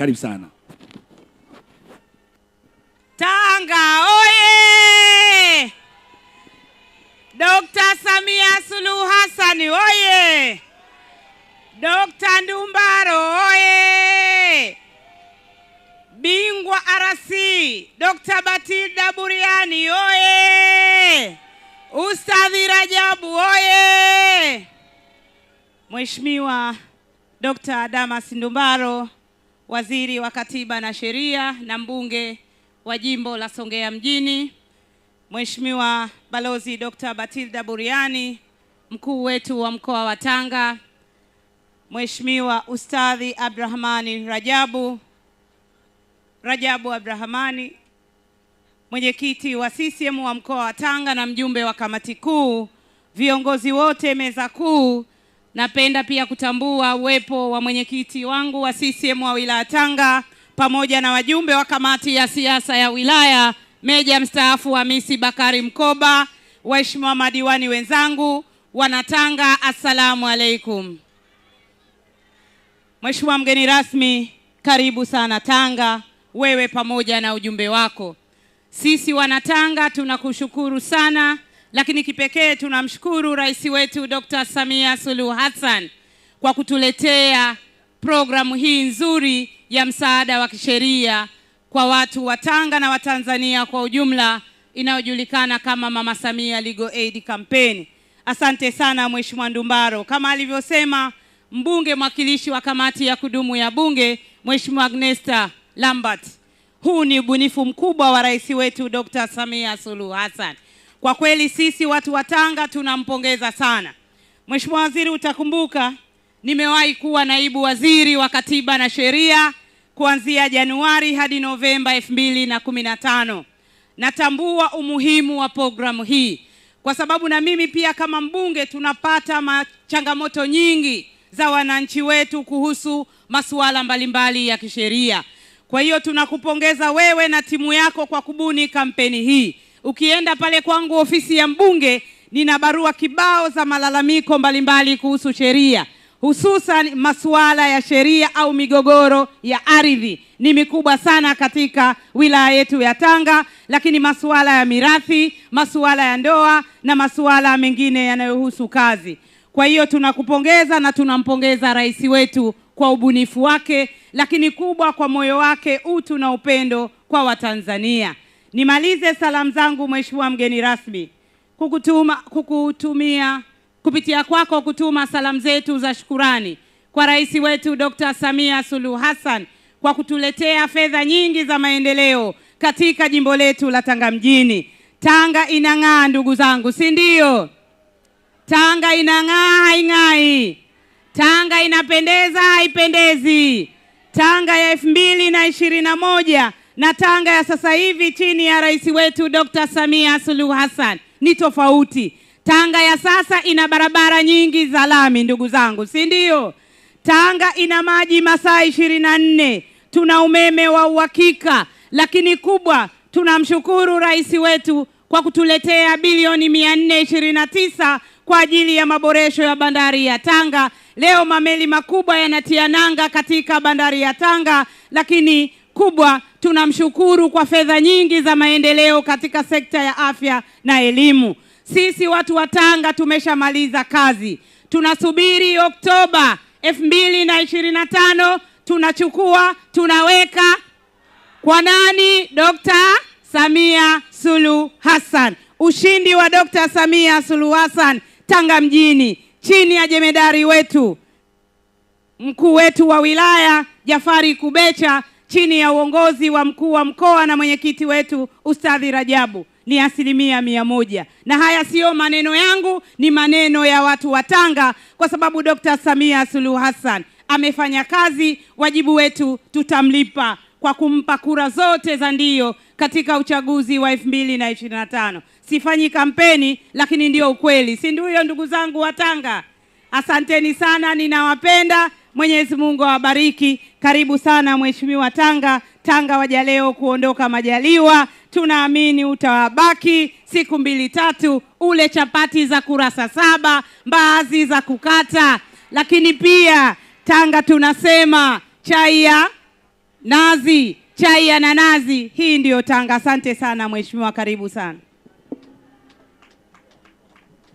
Karibu sana Tanga oye! Dokta Samia Suluhu Hassan oye! Dokta Ndumbaro oye! Bingwa RC Dokta Batilda Buriani oye! Ustadhi Rajabu oye! Mheshimiwa Dokta Damas Ndumbaro waziri wa Katiba na Sheria na mbunge wa jimbo la Songea mjini, Mheshimiwa Balozi Dr. Batilda Buriani, mkuu wetu wa mkoa wa Tanga, Mheshimiwa Ustadhi Abdrahmani Rajabu Rajabu Abdrahamani, mwenyekiti wa CCM wa mkoa wa Tanga na mjumbe wa kamati kuu, viongozi wote meza kuu Napenda pia kutambua uwepo wa mwenyekiti wangu wa CCM wa wilaya Tanga pamoja na wajumbe wa kamati ya siasa ya wilaya, meja mstaafu Hamisi Bakari Mkoba, waheshimiwa madiwani wenzangu, wanatanga, assalamu alaikum. Mheshimiwa mgeni rasmi, karibu sana Tanga, wewe pamoja na ujumbe wako. Sisi wanatanga tunakushukuru sana lakini kipekee tunamshukuru rais wetu Dr. Samia Suluhu Hassan kwa kutuletea programu hii nzuri ya msaada wa kisheria kwa watu wa Tanga na Watanzania kwa ujumla inayojulikana kama Mama Samia Legal Aid Campaign. Asante sana Mheshimiwa Ndumbaro. Kama alivyosema mbunge mwakilishi wa kamati ya kudumu ya Bunge, Mheshimiwa Agnesta Lambert, huu ni ubunifu mkubwa wa rais wetu Dr. Samia Suluhu Hassan. Kwa kweli sisi watu wa Tanga tunampongeza sana Mheshimiwa Waziri. Utakumbuka nimewahi kuwa naibu waziri wa katiba na sheria kuanzia Januari hadi Novemba 2015. Natambua umuhimu wa programu hii kwa sababu na mimi pia kama mbunge tunapata changamoto nyingi za wananchi wetu kuhusu masuala mbalimbali ya kisheria. Kwa hiyo tunakupongeza wewe na timu yako kwa kubuni kampeni hii. Ukienda pale kwangu ofisi ya mbunge, nina barua kibao za malalamiko mbalimbali kuhusu sheria, hususan masuala ya sheria au migogoro ya ardhi ni mikubwa sana katika wilaya yetu ya Tanga, lakini masuala ya mirathi, masuala ya ndoa na masuala mengine yanayohusu kazi. Kwa hiyo tunakupongeza na tunampongeza rais wetu kwa ubunifu wake, lakini kubwa kwa moyo wake, utu na upendo kwa Watanzania. Nimalize salamu zangu Mheshimiwa mgeni rasmi kukutuma, kukutumia kupitia kwako kutuma salamu zetu za shukurani kwa rais wetu Dr. Samia Suluhu Hassan kwa kutuletea fedha nyingi za maendeleo katika jimbo letu la Tanga mjini. Tanga inang'aa ndugu zangu, si ndio? Tanga inang'aa haing'ai? Tanga inapendeza haipendezi? Tanga ya elfu mbili na ishirini na moja na Tanga ya sasa hivi chini ya rais wetu Dr. Samia Suluhu Hassan ni tofauti. Tanga ya sasa ina barabara nyingi za lami, ndugu zangu, si ndio? Tanga ina maji masaa ishirini na nne, tuna umeme wa uhakika, lakini kubwa, tunamshukuru rais wetu kwa kutuletea bilioni mia nne ishirini na tisa kwa ajili ya maboresho ya bandari ya Tanga. Leo mameli makubwa yanatia nanga katika bandari ya Tanga, lakini kubwa tunamshukuru kwa fedha nyingi za maendeleo katika sekta ya afya na elimu. Sisi watu wa Tanga tumeshamaliza kazi, tunasubiri Oktoba 2025 tunachukua, tunaweka kwa nani? dkt Samia Suluhu Hassan. Ushindi wa dkt Samia Suluhu Hassan Tanga mjini chini ya jemedari wetu mkuu wetu wa wilaya Jafari Kubecha chini ya uongozi wa mkuu wa mkoa na mwenyekiti wetu Ustadhi Rajabu ni asilimia mia moja, na haya siyo maneno yangu, ni maneno ya watu wa Tanga, kwa sababu Dr. Samia Suluhu Hassan amefanya kazi. Wajibu wetu tutamlipa kwa kumpa kura zote za ndio katika uchaguzi wa 2025. Sifanyi kampeni, lakini ndio ukweli, si ndio? Ndugu zangu wa Tanga, asanteni sana, ninawapenda. Mwenyezi Mungu awabariki. Karibu sana Mheshimiwa Tanga. Tanga waja leo kuondoka majaliwa, tunaamini utawabaki siku mbili tatu, ule chapati za kurasa saba, mbaazi za kukata. Lakini pia Tanga tunasema chai ya nazi, chai ya nanazi. Hii ndiyo Tanga. Asante sana mheshimiwa, karibu sana.